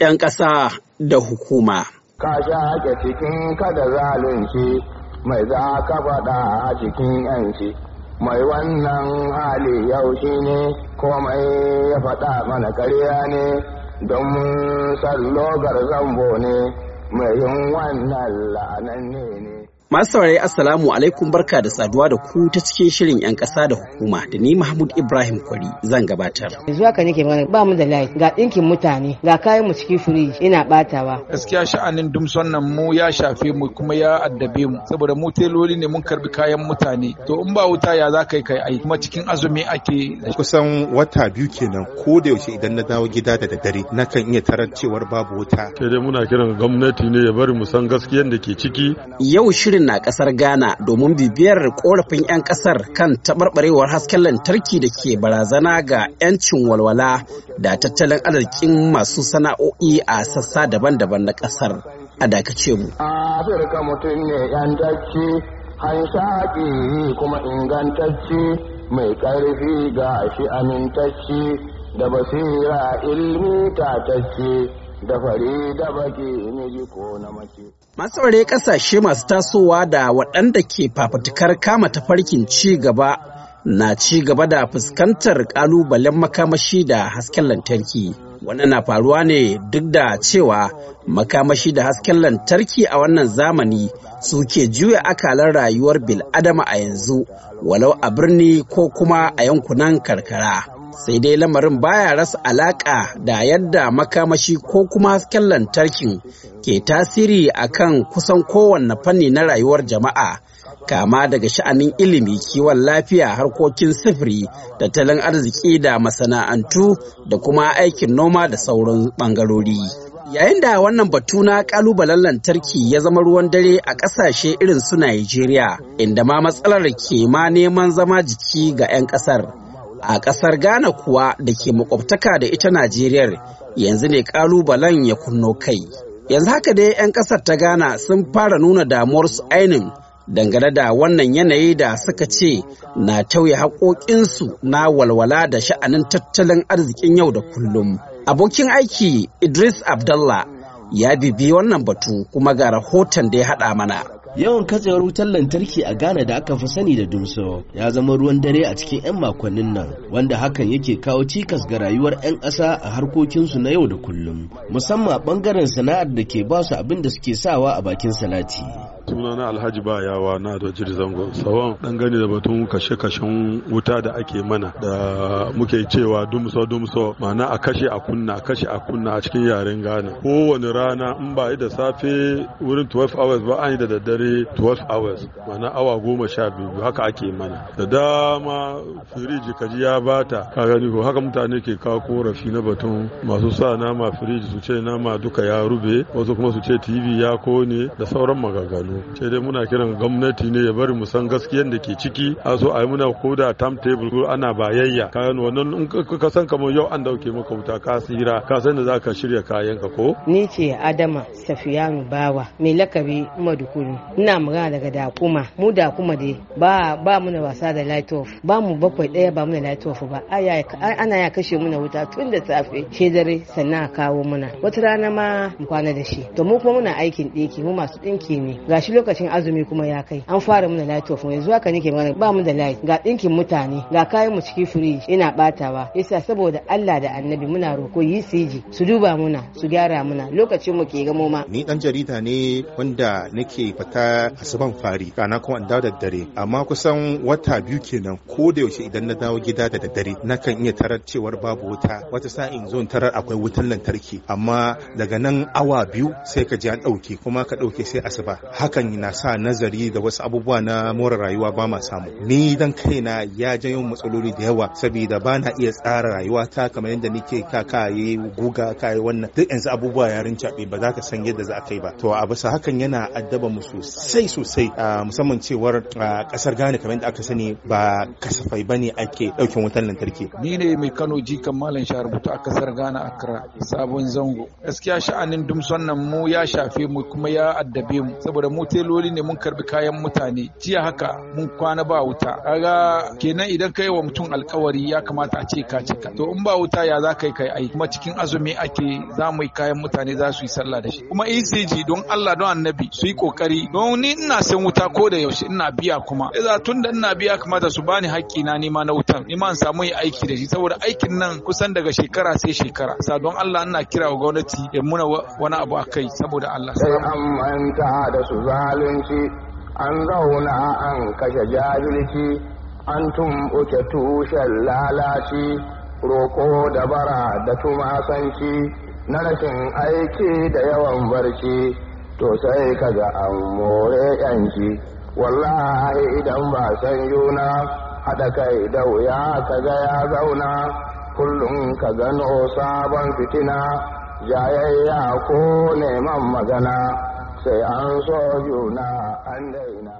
'yan ƙasa da hukuma. Ka sha ake cikin kada zalunci mai za ka faɗa a cikin 'yanci. Mai wannan hali yau shi ne komai ya faɗa mana karya ne don sallogar zambo ne mai yin wannan la'anan ne. Masu saurari Assalamu alaikum barka da saduwa da ku ta cikin shirin 'yan ƙasa da hukuma da ni Mahmud Ibrahim Kwari zan gabatar. Zuwa ka nake magana ba mu da layi ga ɗinkin mutane ga kayan mu cikin firiji ina ɓatawa. Gaskiya sha'anin dumson nan mu ya shafe mu kuma ya addabe mu saboda mu teloli ne mun karbi kayan mutane to in ba wuta ya za ka yi kai ai kuma cikin azumi ake. Kusan wata biyu kenan ko da yaushe idan na dawo gida da daddare nakan iya tarar cewar babu wuta. Kai dai muna kiran gwamnati ne ya bari mu san gaskiyan da ke ciki. Yau shirin shirin na kasar Ghana domin bibiyar korafin 'yan kasar kan taɓarɓarewar hasken lantarki da ke barazana ga 'yancin walwala da tattalin arzikin masu sana'o'i a sassa daban-daban na kasar. A dakace mu. Afirka mutum ne 'yantacce, hanshaƙi kuma ingantacce, mai ƙarfi ga shi amintacce, da basira ilmi tatacce. da da baki ji ko na mace. Masu kasashe masu tasowa da waɗanda ke fafutukar kama tafarkin ci gaba na ci gaba da fuskantar ƙalubalen makamashi da hasken lantarki. Wannan na faruwa ne duk da cewa makamashi da hasken lantarki a wannan zamani suke juya akalar rayuwar bil'adama a yanzu walau a birni ko kuma a yankunan karkara. sai dai lamarin baya rasa alaƙa da yadda makamashi ko kuma hasken lantarkin ke tasiri akan kusan kowanne fanni na rayuwar jama'a kama daga sha'anin ilimi kiwon lafiya harkokin sifiri tattalin arziki da masana'antu da kuma aikin noma da sauran bangarori. yayin da wannan batu na kalubalen lantarki ya zama ruwan dare a kasashe irin su Najeriya inda ma matsalar ke ma neman zama jiki ga 'yan kasar A ƙasar Ghana kuwa da ke makwabtaka da ita Najeriya yanzu ne ƙalubalen ya kunno kai. Yanzu haka dai 'yan ƙasar ta Ghana sun fara nuna damuwar su ainin dangane da wannan yanayi da suka ce na tauye haƙoƙinsu na walwala da sha'anin tattalin arzikin yau da kullum. Abokin aiki Idris Abdallah ya bibi wannan batu kuma ga rahoton da ya haɗa mana. yawan katsewar wutar lantarki a ghana da aka fi sani da dumso ya zama ruwan dare a cikin 'yan makonnin nan wanda hakan yake kawo cikas ga rayuwar 'yan ƙasa a harkokinsu na yau da kullum musamman a ɓangaren sana'ar da ke ba su abin da suke sawa a bakin salati na alhaji ba yawa na jirgin zango sawan dan gani da batun kashe-kashen wuta da ake mana da muke cewa dumso dumso ma'ana a kashe a kunna a kashe a kunna a cikin yaren Gana. kowane rana in ba da safe wurin 12 hours ba an yi da daddare 12 hours ma'ana awa goma sha biyu haka ake mana da dama firiji kaji ya bata ka gani ko haka mutane ke kawo korafi na batun masu sa nama firiji su ce nama duka ya rube wasu kuma su ce tv ya kone da sauran magagalu mu sai dai muna kiran gwamnati ne ya bari mu san gaskiyan da ke ciki a zo a yi muna da timetable ana bayayya kayan wannan in ka san kamar yau an dauke maka wuta ka tsira ka san da za ka shirya kayan ka ko ni ce adama safiyanu bawa mai lakabi madukuru ina magana daga dakuma mu dakuma dai ba ba mu wasa da light off ba mu bakwai daya ba mu na light off ba ana ya kashe muna wuta tun da safe ke dare sannan a kawo muna wata rana ma mu kwana da shi to mu kuma muna aikin ɗinki mu masu ɗinki ne ga gashi lokacin azumi kuma ya kai an fara mana light of yanzu haka nake magana ba mu da light ga dinkin mutane ga kayan mu ciki firij. ina batawa yasa saboda Allah da Annabi muna roko yi siji su duba muna su gyara muna lokacin mu ke gamo ma ni dan jarida ne wanda nake fata asuban fari kana kuma an dawo da dare amma kusan wata biyu kenan ko da yaushe idan na dawo gida da daddare nakan iya tarar cewar babu wuta wata sa'in zo tarar akwai wutar lantarki amma daga nan awa biyu sai ka ji an ɗauke kuma ka ɗauke sai asuba haka hakan na sa nazari da wasu abubuwa na more rayuwa ba ma samu ni dan kaina ya janyo matsaloli da yawa saboda ba na iya tsara rayuwa ta kamar yadda nake ka kaye guga wannan duk yanzu abubuwa ya rincaɓe ba za ka san yadda za ka yi ba to a bisa hakan yana addaba mu sosai sosai musamman cewar kasar Gane kamar yadda aka sani ba kasafai bane ake daukin wutan lantarki ni ne mai Kano jikan Malam Sharubutu a kasar Ghana akra sabon zango gaskiya sha'anin dumson nan mu ya shafe mu kuma ya addabe mu saboda mu hoteloli ne mun karbi kayan mutane jiya haka mun kwana ba wuta kaga kenan idan kai wa mutum alkawari ya kamata a ce ka cika to in ba wuta ya za ka yi kai ai kuma cikin azumi ake za mu yi kayan mutane za su yi sallah da shi kuma ECG don Allah don annabi su yi kokari don ni ina san wuta ko da yaushe ina biya kuma idan tun da ina biya kamata su bani haƙƙi na nima na wutan nima in samu yi aiki da shi saboda aikin nan kusan daga shekara sai shekara sa don Allah ina kira wa gwamnati ya muna wani abu akai saboda Allah sai an manta da su zalunci an zauna an kashe jahilci an tumɓuke tushen lalaci roƙo da bara da tumasanci na rashin aiki da yawan barci to sai kaga an more yanci wallahi idan ba san yuna haɗa kai da wuya ka ga ya zauna kullum ka gano sabon fitina jayayya ko neman magana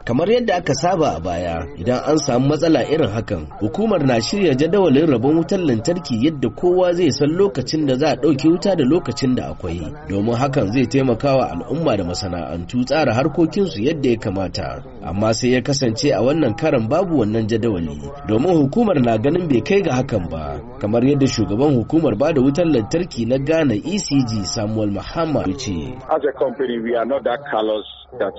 Kamar yadda aka saba a baya idan an samu matsala irin hakan hukumar na shirya jadawalin rabon wutar lantarki yadda kowa zai san lokacin da za a ɗauki wuta da lokacin da akwai domin hakan zai taimakawa al'umma da masana'antu tsara harkokinsu yadda ya kamata amma sai ya kasance a wannan karan babu wannan jadawali domin hukumar na ganin bai kai ga hakan ba kamar yadda shugaban hukumar bada wutar lantarki na Ghana ECG Samuel Muhammad ce. As Carlos a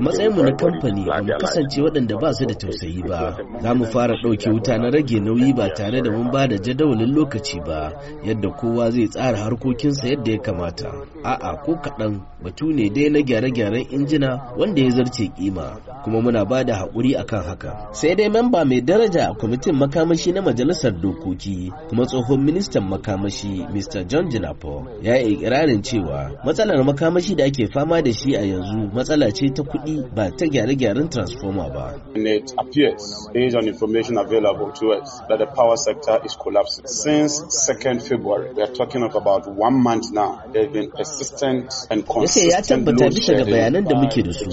Matsayinmu na kamfani ba mu kasance waɗanda ba su da tausayi ba. Za mu fara ɗauke wuta na rage nauyi ba tare da mun ba da jadawalin lokaci ba, yadda kowa zai tsara harkokinsa yadda ya kamata. A'a ko kaɗan batu ne dai na gyare-gyaren injina wanda ya zarce kima, kuma muna ba da haƙuri kan haka. Sai dai memba mai daraja a kwamitin makamashi na majalisar dokoki kuma tsohon ministan makamashi Mr. John Jinapo ya yi ikirarin cewa matsalar matsalar makamashi da ake fama da shi a yanzu matsala ce ta kuɗi ba ta gyare-gyaren transformer ba. It appears, based on information available to us, that the power sector is collapsing. Since 2nd February, we are talking of about one month now, there have been persistent and consistent ya tabbata bisa ga bayanan da muke da su,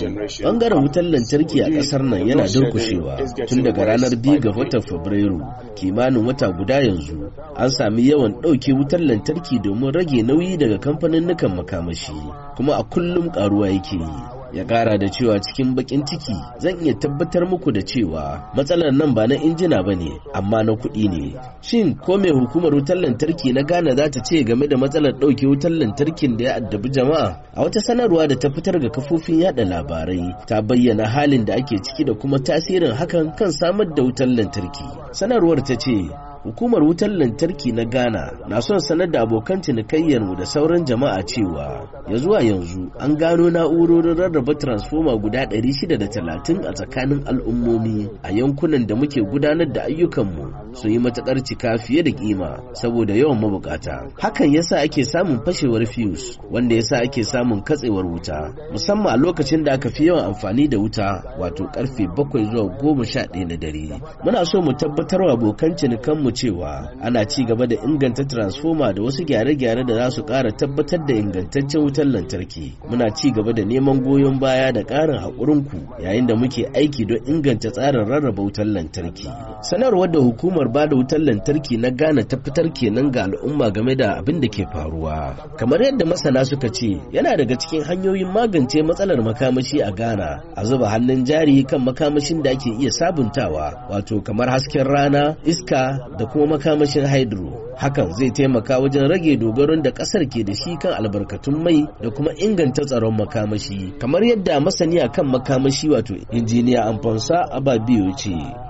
bangaren wutar lantarki a ƙasar nan yana durkushewa tun daga ranar 2 ga watan Fabrairu, kimanin wata guda yanzu, an sami yawan ɗauke wutar lantarki domin rage nauyi daga kamfanin nukan makamashi. shi kuma a kullum karuwa yake yi ya kara da cewa cikin bakin ciki zan iya tabbatar muku da cewa matsalar nan ba na injina ba ne amma na kuɗi ne shin ko mai hukumar wutar lantarki na ghana za ta ce game da matsalar ɗauke wutar lantarkin da ya addabi jama'a a wata sanarwa da ta fitar ga kafofin yada labarai ta bayyana halin da ake ciki da kuma tasirin hakan kan samar da wutar lantarki sanarwar ta ce hukumar wutar lantarki na ghana na son sanar da abokan cinikayyarmu da sauran jama'a cewa ya zuwa yanzu an gano na'urorin rarraba transfoma guda 630 a tsakanin al'ummomi a yankunan da muke gudanar da ayyukanmu su yi matakar cika fiye da kima saboda yawan mabukata hakan yasa ake samun fashewar fuse wanda yasa ake samun katsewar wuta musamman a lokacin da aka fi yawan amfani da wuta wato karfe bakwai zuwa goma sha ɗaya na dare muna so mu tabbatar wa abokan cinikan mu cewa ana ci gaba da inganta transformer da wasu gyare-gyare da za su ƙara tabbatar da ingantaccen wutar lantarki muna ci gaba da neman goyon baya da ƙarin haƙurinku yayin da muke aiki don inganta tsarin rarraba wutar lantarki sanarwar da hukumar hukumar ba da wutar lantarki na Ghana ta fitar kenan ga al'umma game da abin da ke faruwa. Kamar yadda masana suka ce, yana daga cikin hanyoyin magance matsalar makamashi a Ghana, a zuba hannun jari kan makamashin da ake iya sabuntawa, wato kamar hasken rana, iska da kuma makamashin hydro. hakan zai taimaka wajen rage dogaron da kasar ke da shi kan albarkatun mai da kuma inganta tsaron makamashi kamar yadda masaniya kan makamashi wato injiniya amfansa ababiyo ce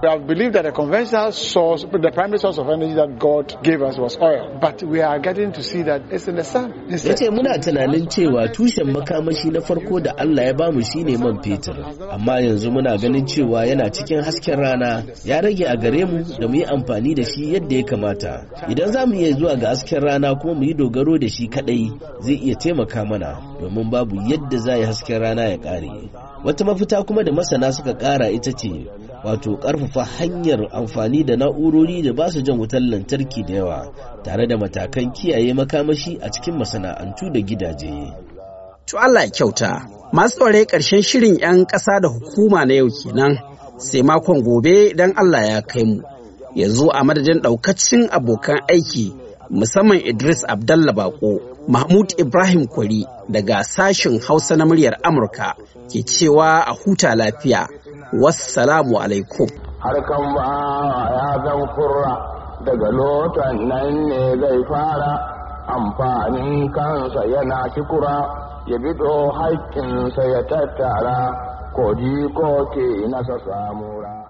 I believe that the conventional energy God gave us was oil, but we are getting to see that Ya ce muna tunanin cewa tushen makamashi na farko da Allah ya bamu shi ne man fetur, amma yanzu muna ganin cewa yana cikin hasken rana ya rage a gare mu da mu yi amfani da shi yadda ya kamata. Idan za mu iya zuwa ga hasken rana kuma mu yi dogaro da shi kadai zai iya taimaka mana domin babu yadda za yi hasken rana ya ƙare wata mafita kuma da masana suka ƙara ita ce wato ƙarfafa hanyar amfani da na'urori da ba su jan wutar lantarki da yawa tare da matakan kiyaye makamashi a cikin masana'antu da gidaje to Allah kyauta masu tsore karshen shirin 'yan ƙasa da hukuma na yau kenan sai makon gobe don Allah ya kai mu ya zo a madadin ɗaukacin abokan aiki musamman Idris Abdallah Bako, Mahmud Ibrahim Kwari daga sashen Hausa na muryar Amurka ke cewa a huta lafiya. Wassalamu alaikum. Harkan ba ya zan kurra daga lotan nan ne zai fara amfanin kansa yana kikura ya bido haƙƙinsa ya tattara ko ke nasa samura.